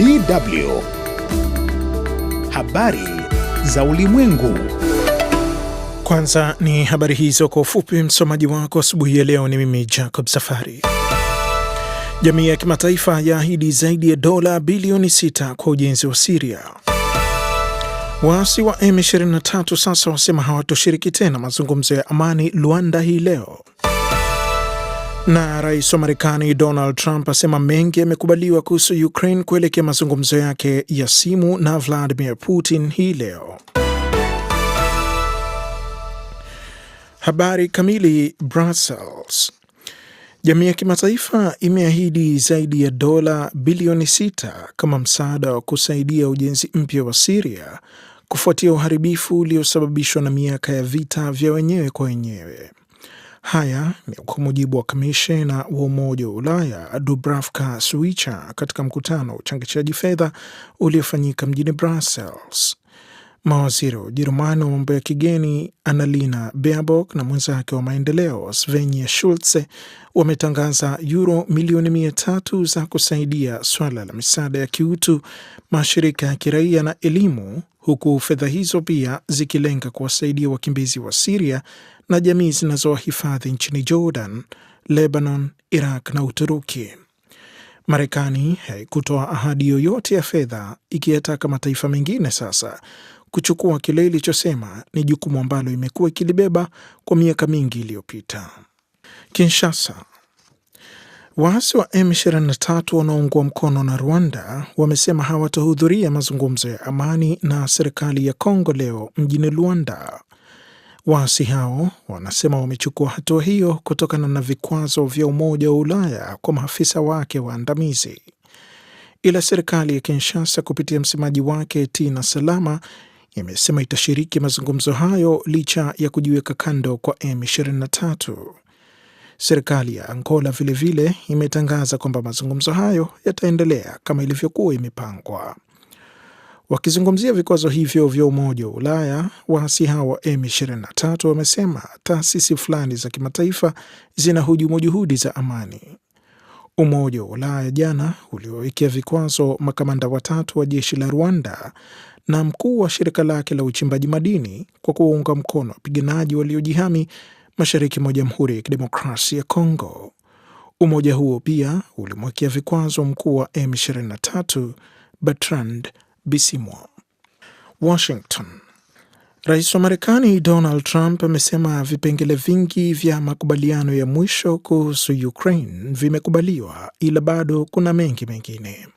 DW. Habari za Ulimwengu. Kwanza ni habari hizo kwa ufupi. Msomaji wako asubuhi ya leo ni mimi Jacob Safari. Jamii ya kimataifa yaahidi zaidi ya dola bilioni 6 kwa ujenzi wa Siria. Waasi wa M23 sasa wasema hawatoshiriki tena mazungumzo ya amani Luanda hii leo. Na rais wa Marekani Donald Trump asema mengi yamekubaliwa kuhusu Ukraine kuelekea mazungumzo yake ya simu na Vladimir Putin hii leo. Habari kamili. Brussels. Jamii ya kimataifa imeahidi zaidi ya dola bilioni sita kama msaada wa kusaidia ujenzi mpya wa Siria kufuatia uharibifu uliosababishwa na miaka ya vita vya wenyewe kwa wenyewe. Haya ni kwa mujibu wa kamishena wa Umoja wa Ulaya Dubravka Swicha katika mkutano wa uchangishaji fedha uliofanyika mjini Brussels. Mawaziri wa Ujerumani wa mambo ya kigeni Annalena Baerbock na mwenzake wa maendeleo Svenja Schulze wametangaza yuro milioni mia tatu za kusaidia swala la misaada ya kiutu, mashirika ya kiraia na elimu, huku fedha hizo pia zikilenga kuwasaidia wakimbizi wa Siria na jamii zinazowahifadhi nchini Jordan, Lebanon, Iraq na Uturuki. Marekani haikutoa ahadi yoyote ya fedha, ikiyataka mataifa mengine sasa kuchukua kile ilichosema ni jukumu ambalo imekuwa ikilibeba kwa miaka mingi iliyopita. Kinshasa, waasi wa M23 wanaoungwa mkono na Rwanda wamesema hawatahudhuria mazungumzo ya amani na serikali ya Kongo leo mjini Luanda. Waasi hao wanasema wamechukua hatua hiyo kutokana na vikwazo vya Umoja wa Ulaya kwa maafisa wake waandamizi. Ila serikali ya Kinshasa kupitia msemaji wake Tina Salama imesema itashiriki mazungumzo hayo licha ya kujiweka kando kwa M23. Serikali ya Angola vilevile vile imetangaza kwamba mazungumzo hayo yataendelea kama ilivyokuwa imepangwa. Wakizungumzia vikwazo hivyo vya Umoja wa Ulaya, waasi hao wa M23 wamesema taasisi fulani za kimataifa zinahujumu juhudi za amani. Umoja wa Ulaya jana uliowekea vikwazo makamanda watatu wa jeshi la Rwanda na mkuu wa shirika lake la uchimbaji madini kwa kuwaunga mkono wapiganaji waliojihami mashariki mwa Jamhuri ya Kidemokrasia ya Kongo. Umoja huo pia ulimwekea vikwazo mkuu wa M23 Bertrand Bisimwa. Washington. Rais wa Marekani Donald Trump amesema vipengele vingi vya makubaliano ya mwisho kuhusu Ukraine vimekubaliwa ila bado kuna mengi mengine.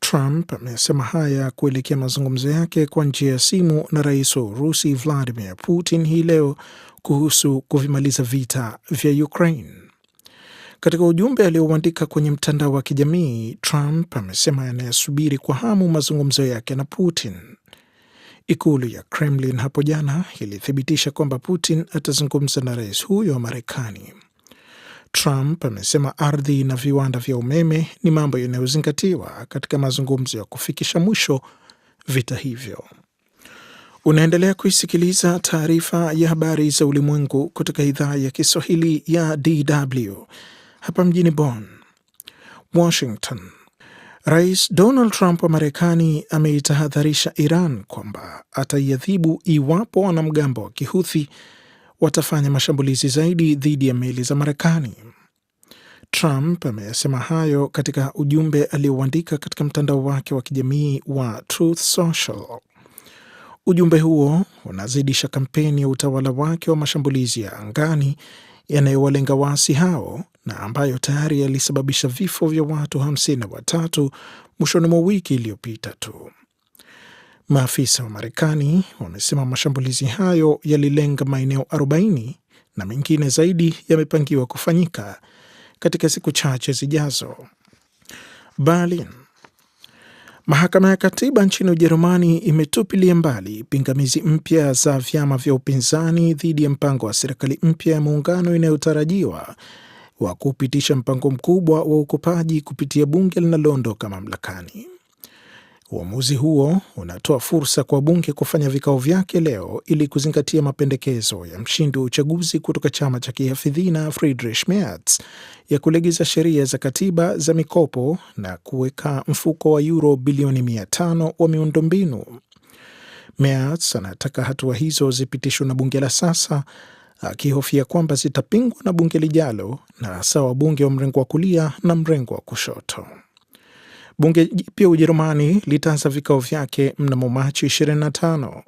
Trump amesema haya kuelekea mazungumzo yake kwa njia ya simu na rais wa Urusi Vladimir Putin hii leo kuhusu kuvimaliza vita vya Ukraine. Katika ujumbe aliouandika kwenye mtandao wa kijamii, Trump amesema anayesubiri kwa hamu mazungumzo yake na Putin. Ikulu ya Kremlin hapo jana ilithibitisha kwamba Putin atazungumza na rais huyo wa Marekani. Trump amesema ardhi na viwanda vya umeme ni mambo yanayozingatiwa katika mazungumzo ya kufikisha mwisho vita hivyo. Unaendelea kuisikiliza taarifa ya habari za ulimwengu kutoka idhaa ya Kiswahili ya DW hapa mjini Bonn. Washington. Rais Donald Trump wa Marekani ameitahadharisha Iran kwamba ataiadhibu iwapo wanamgambo wa Kihuthi watafanya mashambulizi zaidi dhidi ya meli za Marekani. Trump ameyasema hayo katika ujumbe alioandika katika mtandao wake wa kijamii wa Truth Social. Ujumbe huo unazidisha kampeni ya utawala wake wa mashambulizi ya angani yanayowalenga waasi hao na ambayo tayari yalisababisha vifo vya watu hamsini na watatu mwishoni mwa wiki iliyopita tu. Maafisa wa Marekani wamesema mashambulizi hayo yalilenga maeneo 40 na mengine zaidi yamepangiwa kufanyika katika siku chache zijazo. Berlin. Mahakama ya Katiba nchini Ujerumani imetupilia mbali pingamizi mpya za vyama vya upinzani dhidi ya mpango wa serikali mpya ya muungano inayotarajiwa wa kupitisha mpango mkubwa wa ukopaji kupitia bunge linaloondoka mamlakani. Uamuzi huo unatoa fursa kwa bunge kufanya vikao vyake leo ili kuzingatia mapendekezo ya mshindi wa uchaguzi kutoka chama cha kihafidhina Friedrich Merz ya kulegeza sheria za katiba za mikopo na kuweka mfuko wa yuro bilioni 500 wa miundombinu. Merz anataka hatua hizo zipitishwe na bunge la sasa akihofia kwamba zitapingwa na bunge lijalo na hasa wabunge wa mrengo wa kulia na mrengo wa kushoto. Bunge jipya Ujerumani litaanza vikao vyake mnamo Machi 25.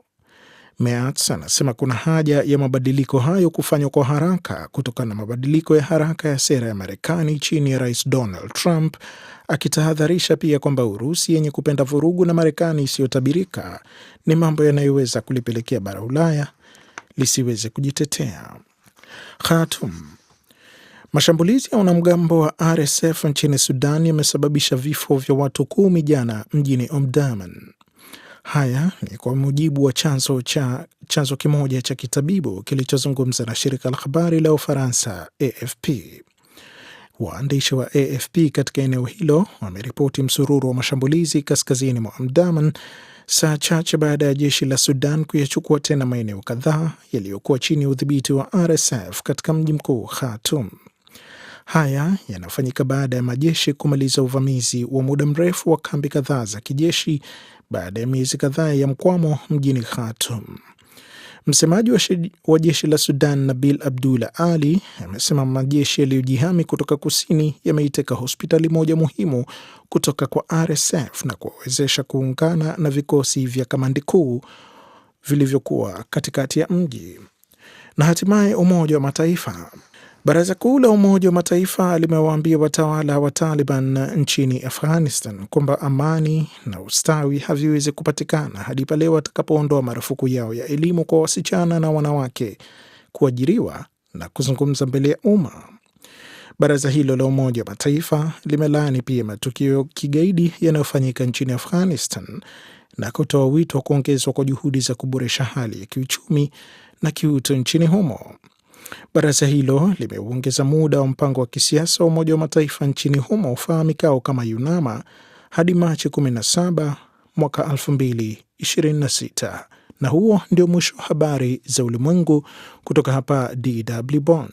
Merz anasema kuna haja ya mabadiliko hayo kufanywa kwa haraka kutokana na mabadiliko ya haraka ya sera ya Marekani chini ya Rais Donald Trump, akitahadharisha pia kwamba Urusi yenye kupenda vurugu na Marekani isiyotabirika ni mambo yanayoweza kulipelekea bara Ulaya lisiweze kujitetea. Khartoum. Mashambulizi ya wanamgambo wa RSF nchini Sudan yamesababisha vifo vya watu kumi jana mjini Omdurman. Haya ni kwa mujibu wa chanzo cha chanzo kimoja cha kitabibu kilichozungumza na shirika la habari la Ufaransa AFP. Waandishi wa AFP katika eneo hilo wameripoti msururu wa mashambulizi kaskazini mwa Omdurman saa chache baada ya jeshi la Sudan kuyachukua tena maeneo kadhaa yaliyokuwa chini ya udhibiti wa RSF katika mji mkuu Khartoum. Haya yanafanyika baada ya majeshi kumaliza uvamizi wa muda mrefu wa kambi kadhaa za kijeshi baada ya miezi kadhaa ya mkwamo mjini Khartoum. Msemaji wa, wa jeshi la Sudan Nabil Abdullah Ali amesema majeshi yaliyojihami kutoka kusini yameiteka hospitali moja muhimu kutoka kwa RSF na kuwawezesha kuungana na vikosi vya kamandi kuu vilivyokuwa katikati ya mji. Na hatimaye Umoja wa Mataifa Baraza Kuu la Umoja wa Mataifa limewaambia watawala wa Taliban nchini Afghanistan kwamba amani na ustawi haviwezi kupatikana hadi pale watakapoondoa marufuku yao ya elimu kwa wasichana na wanawake kuajiriwa na kuzungumza mbele ya umma. Baraza hilo la Umoja wa Mataifa limelaani pia matukio kigaidi yanayofanyika nchini Afghanistan na kutoa wito wa kuongezwa kwa juhudi za kuboresha hali ya kiuchumi na kiuto nchini humo. Baraza hilo limeuongeza muda wa mpango wa kisiasa wa Umoja wa Mataifa nchini humo ufahamikao kama UNAMA hadi Machi 17 mwaka 2026. Na huo ndio mwisho wa habari za ulimwengu kutoka hapa DW Bonn.